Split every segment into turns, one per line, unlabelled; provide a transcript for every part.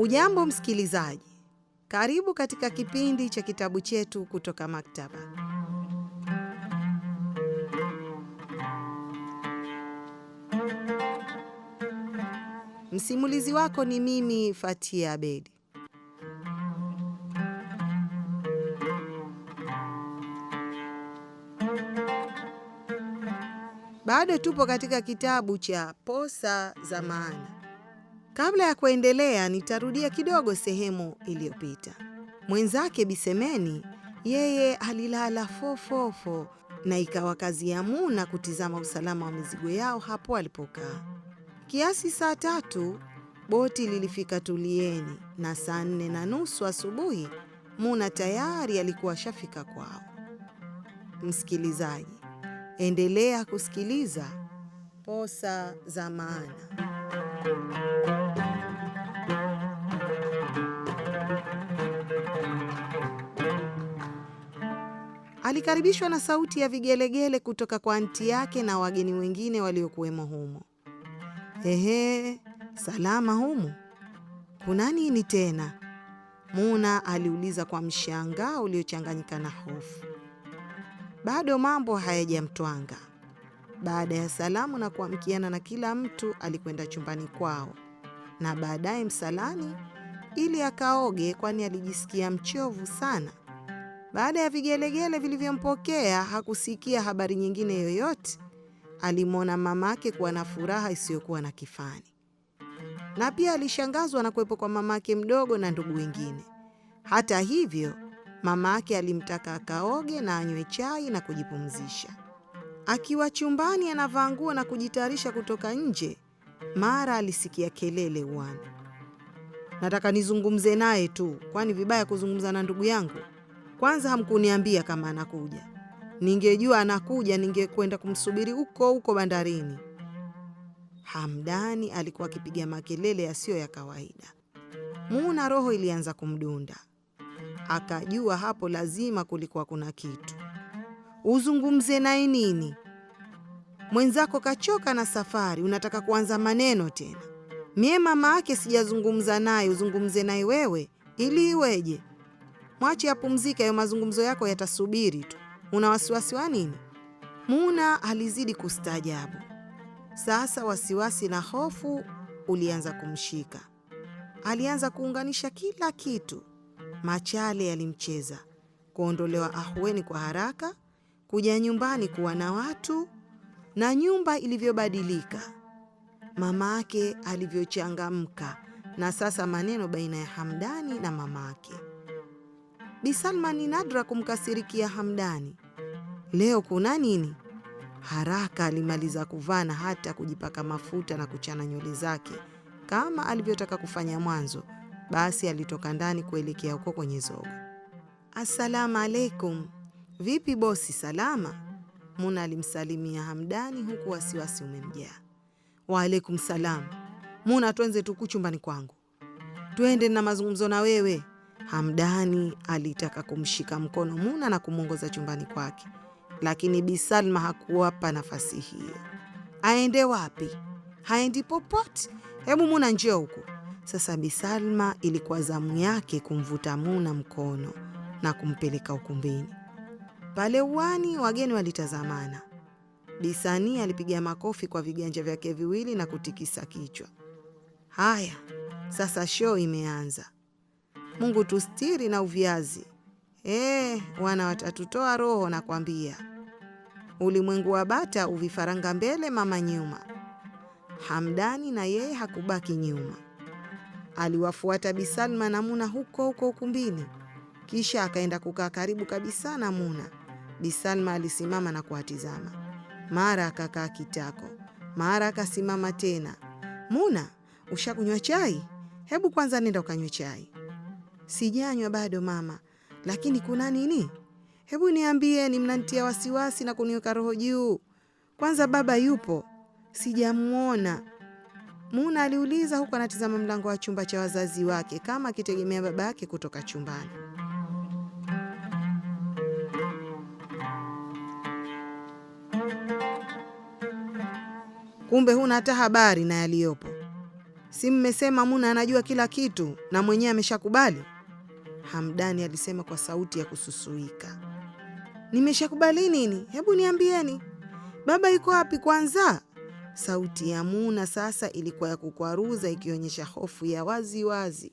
ujambo msikilizaji, karibu katika kipindi cha kitabu chetu kutoka maktaba. Msimulizi wako ni mimi Fatia Abedi. Bado tupo katika kitabu cha Posa za Maana. Kabla ya kuendelea, nitarudia kidogo sehemu iliyopita. Mwenzake Bisemeni yeye alilala fofofo na ikawa kazi ya Muna kutizama usalama wa mizigo yao hapo alipokaa. Kiasi saa tatu boti lilifika Tulieni na saa nne na nusu asubuhi Muna tayari alikuwa ashafika kwao. Msikilizaji, endelea kusikiliza Posa za Maana. Alikaribishwa na sauti ya vigelegele kutoka kwa anti yake na wageni wengine waliokuwemo humo. Ehe, salama humo kuna nini tena? Muna aliuliza kwa mshangao uliochanganyika na hofu. Bado mambo hayajamtwanga. Baada ya salamu na kuamkiana na kila mtu, alikwenda chumbani kwao na baadaye msalani ili akaoge, kwani alijisikia mchovu sana baada ya vigelegele vilivyompokea hakusikia habari nyingine yoyote. Alimwona mamake kuwa na furaha isiyokuwa na kifani, na pia alishangazwa na kuwepo kwa mamake mdogo na ndugu wengine. Hata hivyo, mamake alimtaka akaoge na anywe chai na kujipumzisha. Akiwa chumbani anavaa nguo na kujitayarisha kutoka nje, mara alisikia kelele uani. Nataka nizungumze naye tu, kwani vibaya kuzungumza na ndugu yangu? Kwanza hamkuniambia kama anakuja. Ningejua anakuja, ningekwenda kumsubiri huko huko bandarini. Hamdani alikuwa akipiga makelele yasiyo ya kawaida. Muuna roho ilianza kumdunda, akajua hapo lazima kulikuwa kuna kitu. Uzungumze naye nini? Mwenzako kachoka na safari, unataka kuanza maneno tena? Mie mama ake sijazungumza naye, uzungumze naye wewe ili iweje? Mwache apumzike, hayo mazungumzo yako yatasubiri tu. Una wasiwasi wa nini? Muna alizidi kustaajabu. Sasa wasiwasi na hofu ulianza kumshika. Alianza kuunganisha kila kitu. Machale yalimcheza: kuondolewa ahueni kwa haraka, kuja nyumbani kuwa na watu, na nyumba ilivyobadilika, mamake alivyochangamka, na sasa maneno baina ya Hamdani na mamake. Bi Salma ni nadra kumkasirikia Hamdani. Leo kuna nini? Haraka alimaliza kuvaa na hata kujipaka mafuta na kuchana nywele zake kama alivyotaka kufanya mwanzo. Basi alitoka ndani kuelekea huko kwenye zogo Assalamu alaikum. Vipi bosi, salama? Muna alimsalimia Hamdani huku wasiwasi umemjaa. Waalaikum salam. Muna, twenze tuku chumbani kwangu, twende na mazungumzo na wewe. Hamdani alitaka kumshika mkono Muna na kumwongoza chumbani kwake, lakini Bi Salma hakuwapa nafasi hiyo. Aende wapi? Haendi popote. Hebu Muna, njia huko sasa. Bi Salma ilikuwa zamu yake kumvuta Muna mkono na kumpeleka ukumbini. Pale uwani wageni walitazamana. Bisani alipiga makofi kwa viganja vyake viwili na kutikisa kichwa. Haya, sasa show imeanza. Mungu tustiri na uviazi. Eh, wana watatutoa roho na kwambia, ulimwengu wa bata uvifaranga mbele mama nyuma. Hamdani na yeye hakubaki nyuma, aliwafuata Bi Salma na Muna huko huko ukumbini, kisha akaenda kukaa karibu kabisa na Muna. Bi Salma alisimama na kuwatizama, mara akakaa kitako, mara akasimama tena. Muna, ushakunywa chai? Hebu kwanza nenda ukanywe chai. Sijanywa bado mama, lakini kuna nini? Hebu niambieni, mnantia wasiwasi na kuniweka roho juu. Kwanza baba yupo? Sijamwona. Muna aliuliza huku anatizama mlango wa chumba cha wazazi wake kama akitegemea baba yake kutoka chumbani. Kumbe huna hata habari na yaliyopo. Si mmesema Muna anajua kila kitu na mwenyewe ameshakubali? Hamdani alisema kwa sauti ya kususuika. Nimeshakubali nini? Hebu niambieni, baba yuko wapi kwanza? Sauti ya Muna sasa ilikuwa ya kukwaruza, ikionyesha hofu ya wazi wazi.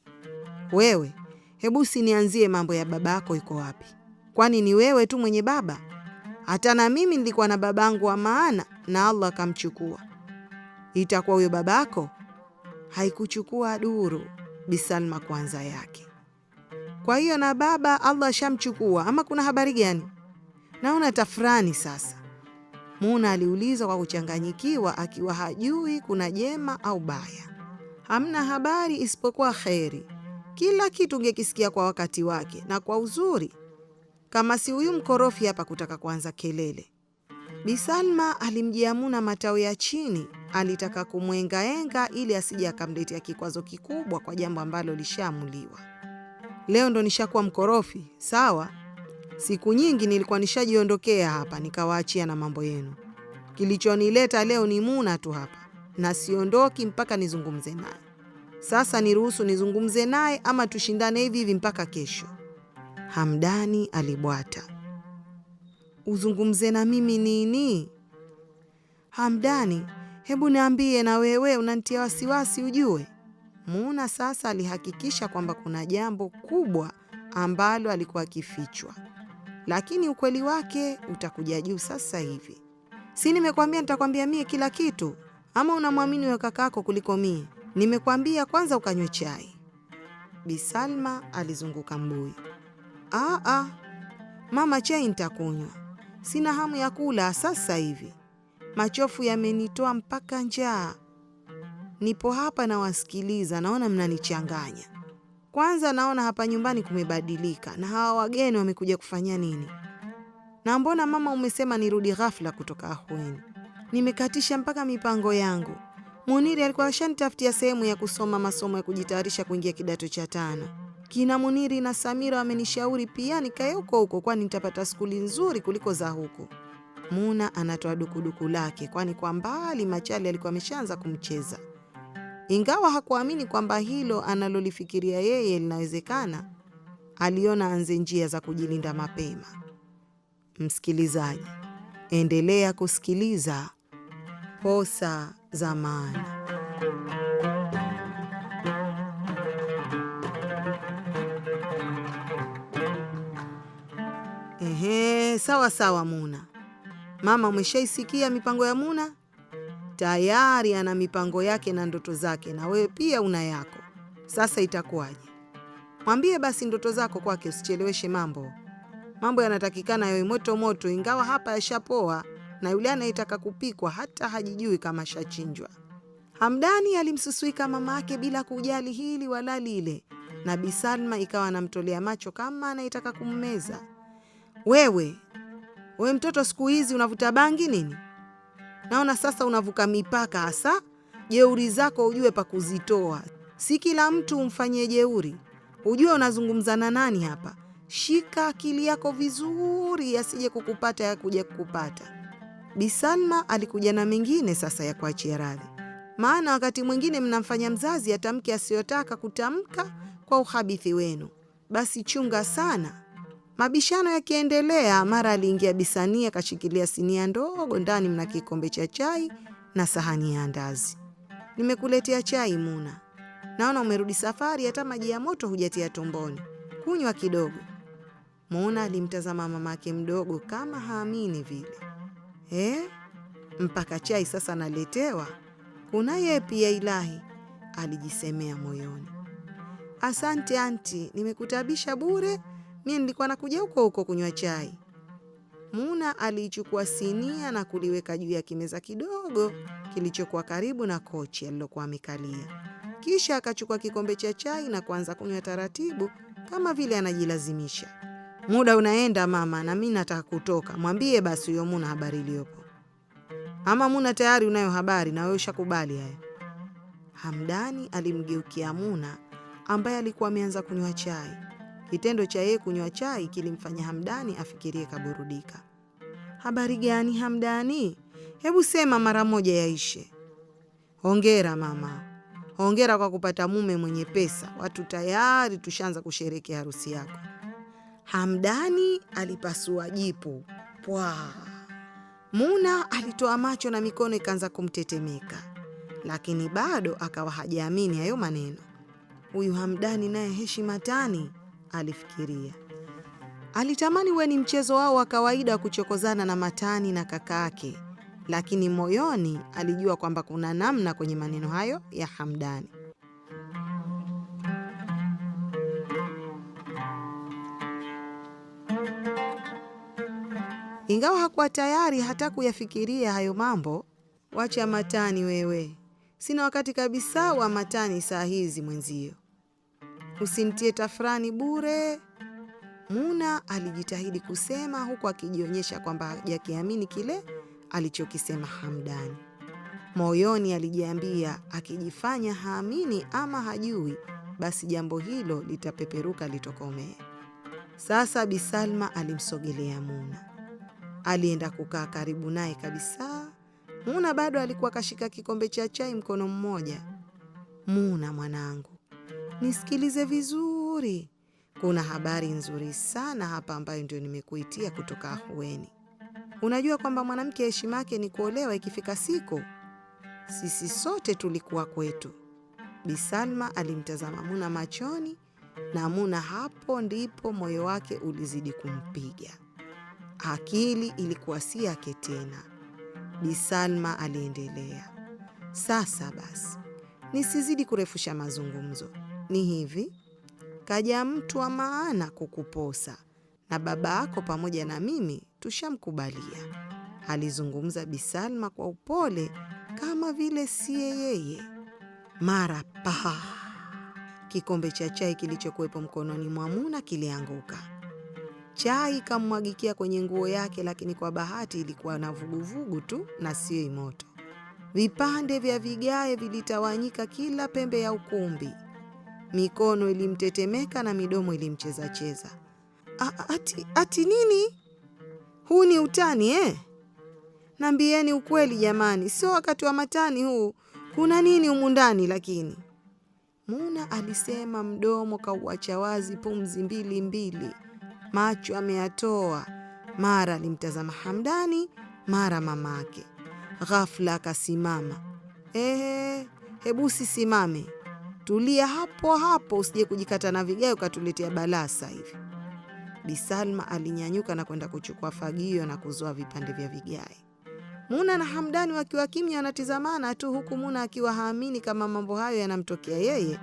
Wewe hebu sinianzie mambo ya baba yako yuko wapi, kwani ni wewe tu mwenye baba? Hata na mimi nilikuwa na babangu wa maana na Allah akamchukua. Itakuwa huyo babako haikuchukua duru. Bisalma kwanza yake kwa hiyo na baba Allah ashamchukua, ama kuna habari gani? Naona tafurani sasa. Muna aliuliza kwa kuchanganyikiwa, akiwa hajui kuna jema au baya. Hamna habari isipokuwa kheri. Kila kitu ungekisikia kwa wakati wake na kwa uzuri, kama si huyu mkorofi hapa kutaka kuanza kelele. bisalma alimjia Muna matawi ya chini, alitaka kumwengaenga ili asije akamletea kikwazo kikubwa kwa jambo ambalo lishaamuliwa leo ndo nishakuwa mkorofi sawa. Siku nyingi nilikuwa nishajiondokea hapa nikawaachia na mambo yenu. Kilichonileta leo ni Muna tu hapa na siondoki mpaka nizungumze naye. Sasa niruhusu nizungumze naye ama tushindane hivi hivi mpaka kesho? Hamdani alibwata. Uzungumze na mimi nini? Hamdani, hebu niambie na wewe, unanitia wasiwasi ujue. Muna sasa alihakikisha kwamba kuna jambo kubwa ambalo alikuwa akifichwa, lakini ukweli wake utakuja juu sasa hivi. Si nimekwambia nitakwambia mie kila kitu? Ama unamwamini wewe kakako kuliko mie? Nimekwambia kwanza ukanywe chai. Bi Salma alizunguka mbuyu. Aa, mama, chai nitakunywa, sina hamu ya kula sasa hivi, machofu yamenitoa mpaka njaa nipo hapa nawasikiliza, naona mnanichanganya. Kwanza naona hapa nyumbani kumebadilika, na hawa wageni wamekuja kufanya nini? Na mbona mama umesema nirudi ghafla kutoka Ahueni? Nimekatisha mpaka mipango yangu. Muniri alikuwa ashanitafutia sehemu ya kusoma masomo ya kujitayarisha kuingia kidato cha tano. Kina Muniri na Samira wamenishauri pia nikae huko huko, kwani nitapata skuli nzuri kuliko za huku. Muna anatoa dukuduku lake, kwani kwa mbali Machali alikuwa ameshaanza kumcheza. Ingawa hakuamini kwamba hilo analolifikiria yeye linawezekana, aliona anze njia za kujilinda mapema. Msikilizaji, endelea kusikiliza Posa za Maana. Ehe, sawa sawa Muna. Mama, umeshaisikia mipango ya Muna? tayari ana mipango yake na ndoto zake, na wewe pia una yako. Sasa itakuwaje? Mwambie basi ndoto zako kwake, usicheleweshe mambo. Mambo yanatakikana yawe moto moto, ingawa hapa yashapoa na yule anayetaka kupikwa hata hajijui kama shachinjwa. Hamdani alimsusuika mama yake bila kujali hili wala lile, na Bi Salma ikawa anamtolea macho kama anayetaka kummeza. Wewe we mtoto, siku hizi unavuta bangi nini? Naona sasa unavuka mipaka hasa. Jeuri zako ujue pa kuzitoa, si kila mtu umfanyie jeuri. Ujue unazungumza na nani hapa. Shika akili yako vizuri, asije kukupata ya kuja kukupata. bisalma alikuja na mengine sasa ya kuachia radhi, maana wakati mwingine mnamfanya mzazi atamke asiyotaka kutamka kwa uhabithi wenu. Basi chunga sana. Mabishano yakiendelea, mara aliingia Bisania akashikilia sinia ndogo, ndani mna kikombe cha chai na sahani ya ndazi. Nimekuletea chai Muna, naona umerudi safari, hata maji ya moto hujatia tumboni, kunywa kidogo. Muna alimtazama mamake mdogo kama haamini vile. Eh, mpaka chai sasa naletewa? Kuna yeye pia ilahi, alijisemea moyoni. Asante anti, nimekutabisha bure mimi nilikuwa nakuja huko huko kunywa chai. Muna aliichukua sinia na kuliweka juu ya kimeza kidogo kilichokuwa karibu na kochi alilokuwa amekalia, kisha akachukua kikombe cha chai na kuanza kunywa taratibu, kama vile anajilazimisha. Muda unaenda mama, na mimi nataka kutoka. Mwambie basi huyo Muna habari iliyopo. Ama Muna tayari unayo habari na wewe ushakubali haya. Hamdani alimgeukia Muna ambaye alikuwa ameanza kunywa chai Kitendo cha yeye kunywa chai kilimfanya Hamdani afikirie kaburudika. Habari gani Hamdani? Hebu sema mara moja yaishe. Hongera mama, hongera kwa kupata mume mwenye pesa. Watu tayari tushaanza kusherekea harusi yako. Hamdani alipasua jipu pwa. Muna alitoa macho na mikono ikaanza kumtetemeka, lakini bado akawa hajaamini hayo maneno. Huyu Hamdani naye heshima tani alifikiria. Alitamani uwe ni mchezo wao wa kawaida wa kuchokozana na Matani na kakaake, lakini moyoni alijua kwamba kuna namna kwenye maneno hayo ya Hamdani. Ingawa hakuwa tayari hata kuyafikiria hayo mambo. Wacha Matani wewe, sina wakati kabisa wa Matani saa hizi mwenzio usimtie tafrani bure. Muna alijitahidi kusema huku akijionyesha kwamba hajakiamini kile alichokisema Hamdani. Moyoni alijiambia akijifanya haamini ama hajui, basi jambo hilo litapeperuka litokomee. Sasa Bi Salma alimsogelea Muna, alienda kukaa karibu naye kabisa. Muna bado alikuwa kashika kikombe cha chai mkono mmoja. Muna mwanangu, nisikilize vizuri. Kuna habari nzuri sana hapa ambayo ndio nimekuitia kutoka Ahueni. Unajua kwamba mwanamke heshima yake ni kuolewa ikifika siku. Sisi sote tulikuwa kwetu. Bi Salma alimtazama Muna machoni na Muna, hapo ndipo moyo wake ulizidi kumpiga. Akili ilikuwa si yake tena. Bi Salma aliendelea, sasa basi nisizidi kurefusha mazungumzo ni hivi: kaja mtu wa maana kukuposa, na baba yako pamoja na mimi tushamkubalia, alizungumza Bisalma kwa upole kama vile siye yeye. Mara pa kikombe cha chai kilichokuwepo mkononi mwa Muna kilianguka. Chai ikamwagikia kwenye nguo yake, lakini kwa bahati ilikuwa na vuguvugu tu na siyo imoto. Vipande vya vigae vilitawanyika kila pembe ya ukumbi. Mikono ilimtetemeka na midomo ilimchezacheza. Ati, ati nini? Huu ni utani eh? Nambieni ukweli jamani, sio wakati wa matani huu. Kuna nini humu ndani lakini? Muna alisema, mdomo kauacha wazi, pumzi mbili mbili, macho ameyatoa. Mara alimtazama Hamdani, mara mamake. Ghafla akasimama. Ehe, hebu sisimame tulia hapo hapo, usije kujikata na vigae ukatuletea balaa sasa hivi. Bi Salma alinyanyuka na kwenda kuchukua fagio na kuzoa vipande vya vigae. Muna na Hamdani wakiwa kimya wanatizamana tu, huku Muna akiwa haamini kama mambo hayo yanamtokea yeye.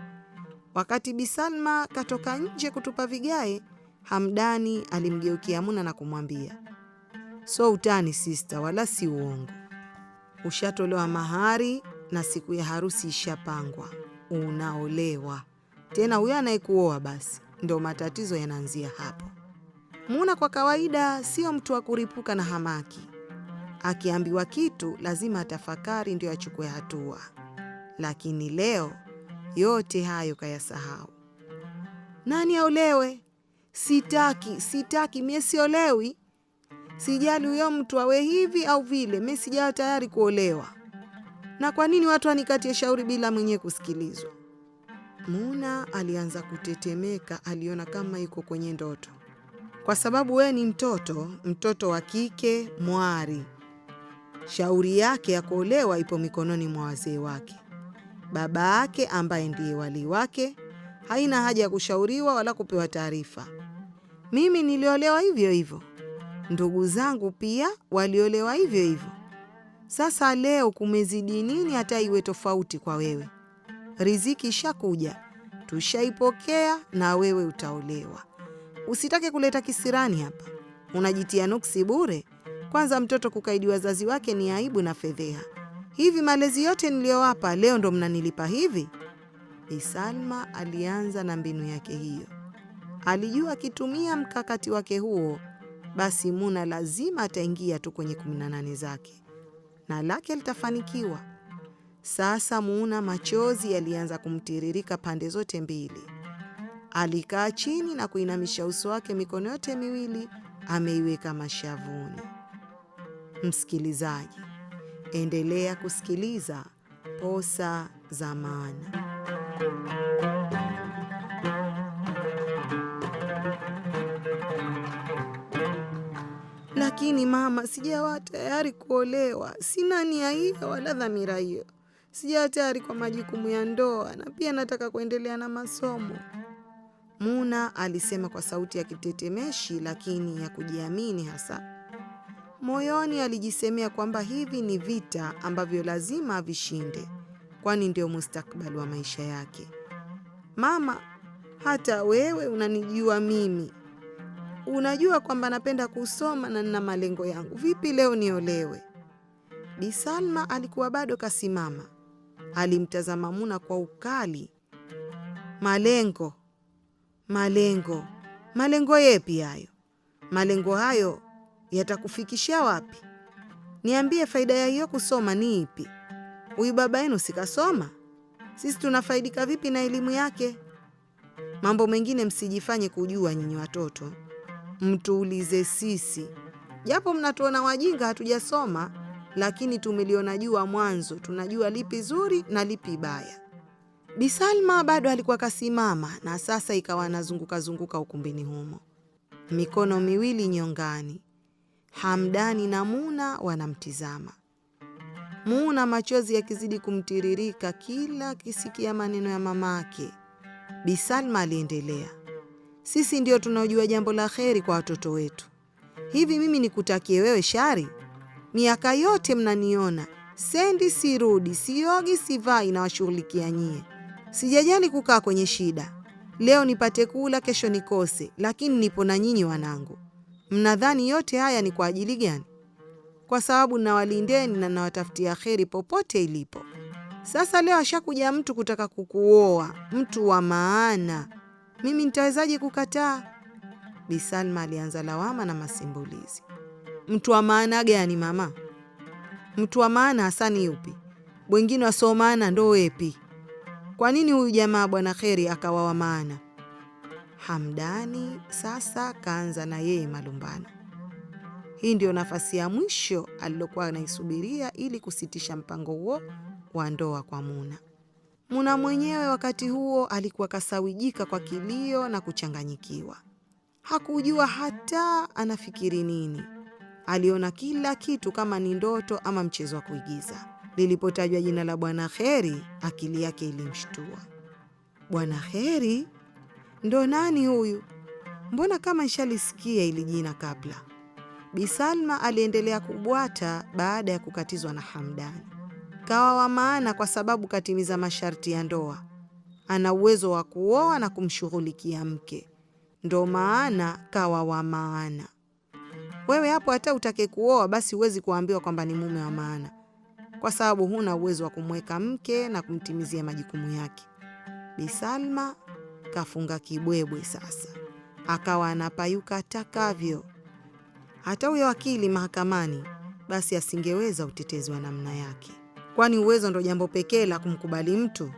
Wakati Bi Salma katoka nje kutupa vigae, Hamdani alimgeukia Muna na kumwambia, so utani sista, wala si uongo. Ushatolewa mahari na siku ya harusi ishapangwa unaolewa tena huyo anayekuoa basi ndo matatizo yanaanzia hapo. Muna kwa kawaida sio mtu wa kuripuka na hamaki. Akiambiwa kitu lazima atafakari ndio achukue hatua, lakini leo yote hayo kayasahau. Nani aolewe? Sitaki, sitaki, mie siolewi. Sijali huyo mtu awe hivi au vile, mi sijawa tayari kuolewa na kwa nini watu wanikatie shauri bila mwenyewe kusikilizwa? Muna alianza kutetemeka, aliona kama iko kwenye ndoto. Kwa sababu wewe ni mtoto, mtoto wa kike mwari, shauri yake ya kuolewa ipo mikononi mwa wazee wake, baba yake ambaye ndiye walii wake. Haina haja ya kushauriwa wala kupewa taarifa. Mimi niliolewa hivyo hivyo, ndugu zangu pia waliolewa hivyo hivyo. Sasa leo kumezidi nini hata iwe tofauti kwa wewe? Riziki ishakuja, tushaipokea na wewe utaolewa. Usitake kuleta kisirani hapa, unajitia nuksi bure. Kwanza mtoto kukaidi wazazi wake ni aibu na fedheha. Hivi malezi yote niliyowapa leo ndo mnanilipa hivi? Bi Salma alianza na mbinu yake hiyo. Alijua akitumia mkakati wake huo, basi Muna lazima ataingia tu kwenye 18 zake na lake litafanikiwa. Sasa Muuna machozi yalianza kumtiririka pande zote mbili. Alikaa chini na kuinamisha uso wake, mikono yote miwili ameiweka mashavuni. Msikilizaji, endelea kusikiliza Posa za Maana. Lakini mama, sijawa tayari kuolewa, sina nia hiyo wala dhamira hiyo. Sijawa tayari kwa majukumu ya ndoa na pia nataka kuendelea na masomo. Muna alisema kwa sauti ya kitetemeshi lakini ya kujiamini hasa. Moyoni alijisemea kwamba hivi ni vita ambavyo lazima avishinde, kwani ndio mustakbali wa maisha yake. Mama, hata wewe unanijua mimi unajua kwamba napenda kusoma na nina malengo yangu, vipi leo niolewe? Bi Salma alikuwa bado kasimama, alimtazama Muna kwa ukali. Malengo, malengo, malengo yepi hayo? Malengo hayo yatakufikishia wapi? Niambie, faida ya hiyo kusoma ni ipi? Huyu baba yenu sikasoma? Sisi tunafaidika vipi na elimu yake? Mambo mengine msijifanye kujua nyinyi watoto mtuulize sisi. Japo mnatuona wajinga, hatujasoma lakini tumeliona jua mwanzo, tunajua lipi zuri na lipi baya. Bi Salma bado alikuwa kasimama, na sasa ikawa anazunguka zunguka ukumbini humo, mikono miwili nyongani. Hamdani na Muna wanamtizama Muna, machozi yakizidi kumtiririka kila akisikia maneno ya mamake. Bi Salma aliendelea sisi ndio tunaojua jambo la kheri kwa watoto wetu. Hivi mimi nikutakie wewe shari? Miaka yote mnaniona sendi, sirudi, siogi, sivai, nawashughulikia nyie. Sijajali kukaa kwenye shida. Leo nipate kula, kesho nikose, lakini nipo na nyinyi wanangu. Mnadhani yote haya ni kwa ajili gani? Kwa sababu nawalindeni na nawatafutia kheri popote ilipo. Sasa leo ashakuja mtu kutaka kukuoa, mtu wa maana mimi nitawezaje kukataa? Bi Salma alianza lawama na masimbulizi. Mtu wa maana gani mama? Mtu wa maana Hasani yupi? Wengine maana ndo wepi? Kwa nini huyu jamaa bwana Kheri akawa wa maana? Hamdani sasa kaanza na yeye malumbano. Hii ndiyo nafasi ya mwisho alilokuwa anaisubiria ili kusitisha mpango huo wa ndoa kwa Muna. Muna mwenyewe wakati huo alikuwa kasawijika kwa kilio na kuchanganyikiwa, hakujua hata anafikiri nini. Aliona kila kitu kama ni ndoto ama mchezo wa kuigiza. Lilipotajwa jina la Bwana Kheri, akili yake ilimshtua. Bwana Kheri ndo nani huyu? Mbona kama nishalisikia ili jina kabla. Bi Salma aliendelea kubwata baada ya kukatizwa na Hamdani ikawa wa maana kwa sababu katimiza masharti ya ndoa, ana uwezo wa kuoa na kumshughulikia mke, ndo maana kawa wa maana. Wewe hapo hata utake kuoa, basi huwezi kuambiwa kwamba ni mume wa maana, kwa sababu huna uwezo wa kumweka mke na kumtimizia majukumu yake. Bi Salma kafunga kibwebwe sasa, akawa anapayuka atakavyo. Hata huyo wakili mahakamani, basi asingeweza utetezi wa namna yake kwani uwezo ndo jambo pekee la kumkubali mtu.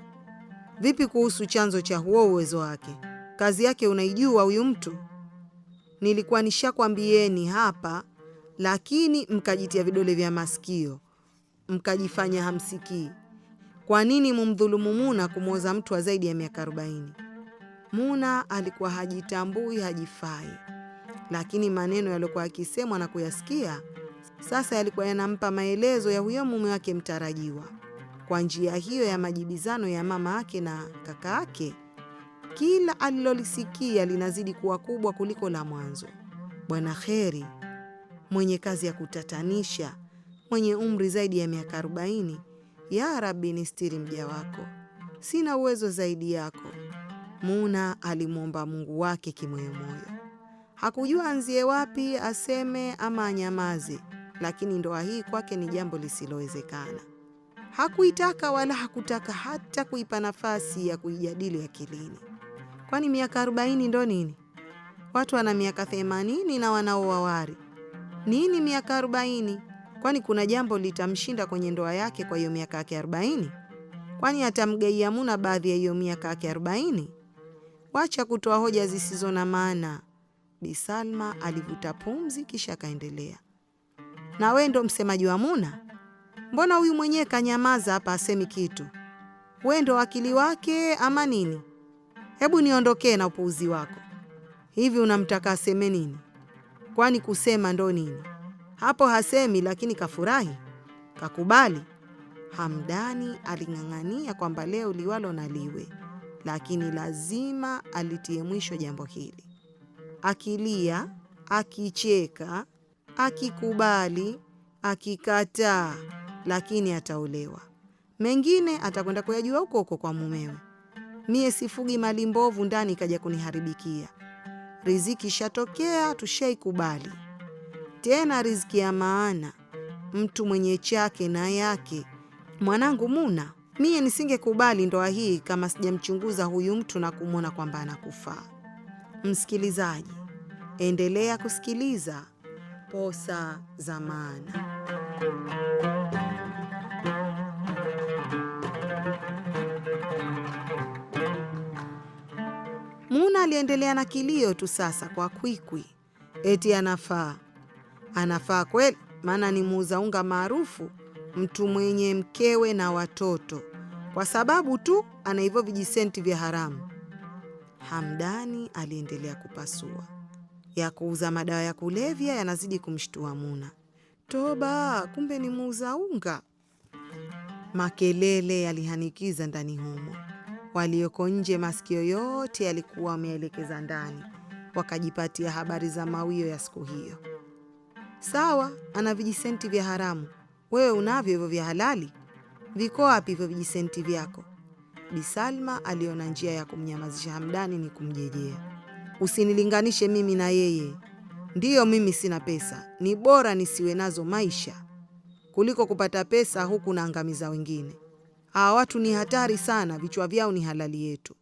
Vipi kuhusu chanzo cha huo uwezo wake? Kazi yake unaijua huyu mtu? Nilikuwa nishakwambieni hapa, lakini mkajitia vidole vya masikio mkajifanya hamsikii. Kwa nini mumdhulumu Muna kumwoza mtu wa zaidi ya miaka arobaini? Muna alikuwa hajitambui, hajifai, lakini maneno yaliyokuwa akisemwa na kuyasikia sasa yalikuwa yanampa maelezo ya huyo mume wake mtarajiwa. Kwa njia hiyo ya majibizano ya mama yake na kaka yake, kila alilolisikia linazidi kuwa kubwa kuliko la mwanzo. Bwana Kheri mwenye kazi ya kutatanisha, mwenye umri zaidi ya miaka arobaini, ya Rabi, nistiri mja wako, sina uwezo zaidi yako. Muna alimwomba Mungu wake kimoyomoyo, hakujua anzie wapi aseme ama anyamaze lakini ndoa hii kwake ni jambo lisilowezekana. Hakuitaka wala hakutaka hata kuipa nafasi ya kuijadili akilini, kwani miaka 40 ndo nini? Watu wana miaka 80 na wanaowawari Nini miaka 40? Kwani kuna jambo litamshinda kwenye ndoa yake kwa hiyo miaka yake 40? Kwani atamgeia Muna baadhi ya hiyo miaka yake 40? Wacha kutoa hoja zisizo na maana. Bi Salma alivuta pumzi kisha akaendelea na wewe ndo msemaji wa Muna? Mbona huyu mwenyewe kanyamaza hapa, asemi kitu? We ndo wakili wake ama nini? Hebu niondokee na upuuzi wako. Hivi unamtaka aseme nini? Kwani kusema ndo nini? Hapo hasemi, lakini kafurahi, kakubali. Hamdani aling'ang'ania kwamba leo liwalo na liwe, lakini lazima alitie mwisho jambo hili, akilia akicheka akikubali, akikataa, lakini ataolewa. Mengine atakwenda kuyajua huko huko kwa mumewe. Mie sifugi mali mbovu ndani ikaja kuniharibikia. Riziki ishatokea, tushaikubali. Tena riziki ya maana, mtu mwenye chake na yake. Mwanangu Muna, mie nisingekubali ndoa hii kama sijamchunguza huyu mtu na kumwona kwamba anakufaa. Msikilizaji, endelea kusikiliza posa za maana. Muna aliendelea na kilio tu sasa kwa kwikwi, eti anafaa anafaa kweli, maana ni muuza unga maarufu, mtu mwenye mkewe na watoto, kwa sababu tu ana hivyo vijisenti vya haramu. Hamdani aliendelea kupasua ya kuuza madawa ya kulevya yanazidi kumshtua Muna. Toba, kumbe ni muuza unga! Makelele yalihanikiza ndani humo. Walioko nje masikio yote yalikuwa wameelekeza ndani, wakajipatia habari za mawio ya siku hiyo. Sawa, ana vijisenti vya haramu, wewe unavyo hivyo vya halali. Viko wapi hivyo vijisenti vyako? Bisalma aliona njia ya kumnyamazisha Hamdani ni kumjejea. Usinilinganishe mimi na yeye. Ndiyo, mimi sina pesa, ni bora nisiwe nazo maisha kuliko kupata pesa huku naangamiza wengine. Hawa watu ni hatari sana, vichwa vyao ni halali yetu.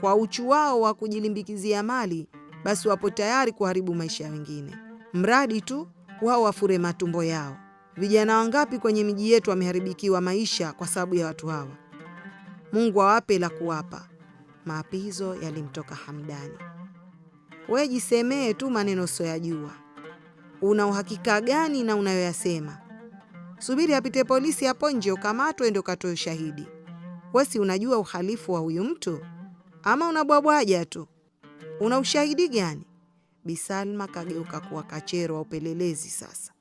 Kwa uchu wao wa kujilimbikizia mali, basi wapo tayari kuharibu maisha ya wengine, mradi tu wao wafure matumbo yao. Vijana wangapi kwenye miji yetu wameharibikiwa maisha kwa sababu ya watu hawa. Mungu awape wa la kuwapa. Maapizo yalimtoka Hamdani wewe jisemee tu maneno jua Una uhakika gani na unayoyasema? Subiri apite polisi hapo nje, ukamatwe ndio katoe ushahidi. Wewe si unajua uhalifu wa huyu mtu, ama unabwabwaja tu? Una ushahidi gani? Bi Salma kageuka kuwa kachero wa upelelezi sasa.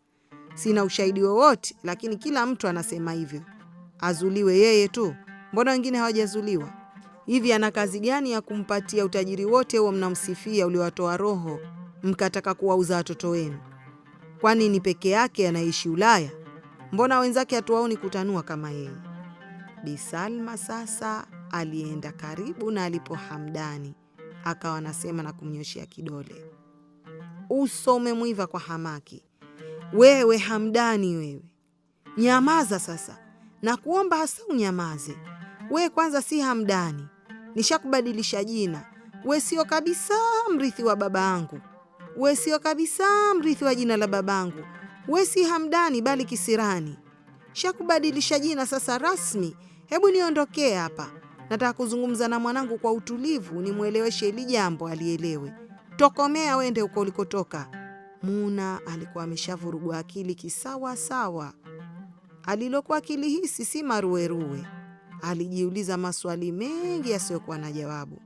Sina ushahidi wowote, lakini kila mtu anasema hivyo. Azuliwe yeye tu, mbona wengine hawajazuliwa? Hivi ana kazi gani ya kumpatia utajiri wote huo mnamsifia uliowatoa roho mkataka kuwauza watoto wenu? Kwa nini peke yake anaishi Ulaya? Mbona wenzake hatuwaoni kutanua kama yeye? Bi Salma sasa alienda karibu na alipo Hamdani, akawa anasema na kumnyoshea kidole. Uso umemwiva kwa hamaki. Wewe Hamdani, wewe nyamaza sasa, na kuomba hasa unyamaze. Wewe kwanza si Hamdani nishakubadilisha jina. We sio kabisa mrithi wa babangu, we sio kabisa mrithi wa jina la babangu. We si Hamdani bali kisirani. Shakubadilisha jina sasa rasmi. Hebu niondokee hapa, nataka kuzungumza na mwanangu kwa utulivu, nimweleweshe hili jambo alielewe. Tokomea wende uko ulikotoka. Muna alikuwa ameshavurugwa akili kisawa sawa, alilokuwa akilihisi si maruweruwe alijiuliza maswali mengi yasiyokuwa na jawabu.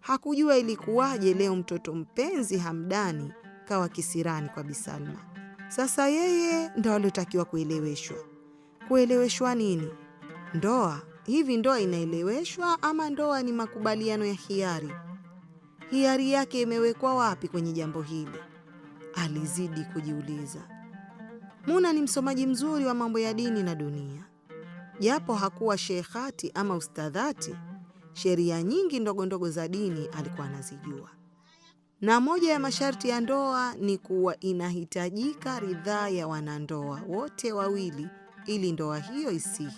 Hakujua ilikuwaje leo mtoto mpenzi Hamdani kawa kisirani kwa Bisalma. Sasa yeye ndo aliotakiwa kueleweshwa. Kueleweshwa nini? Ndoa hivi, ndoa inaeleweshwa ama ndoa ni makubaliano ya hiari? Hiari yake imewekwa wapi kwenye jambo hili? Alizidi kujiuliza. Muna ni msomaji mzuri wa mambo ya dini na dunia. Japo hakuwa shekhati ama ustadhati, sheria nyingi ndogo ndogo za dini alikuwa anazijua, na moja ya masharti ya ndoa ni kuwa inahitajika ridhaa ya wanandoa wote wawili ili ndoa hiyo isihi.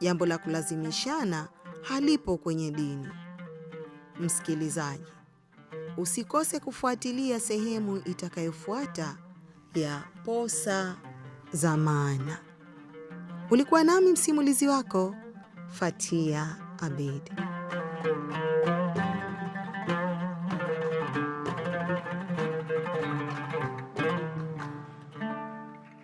Jambo la kulazimishana halipo kwenye dini. Msikilizaji, usikose kufuatilia sehemu itakayofuata ya Posa za Maana. Ulikuwa nami msimulizi wako Fatia Abedi.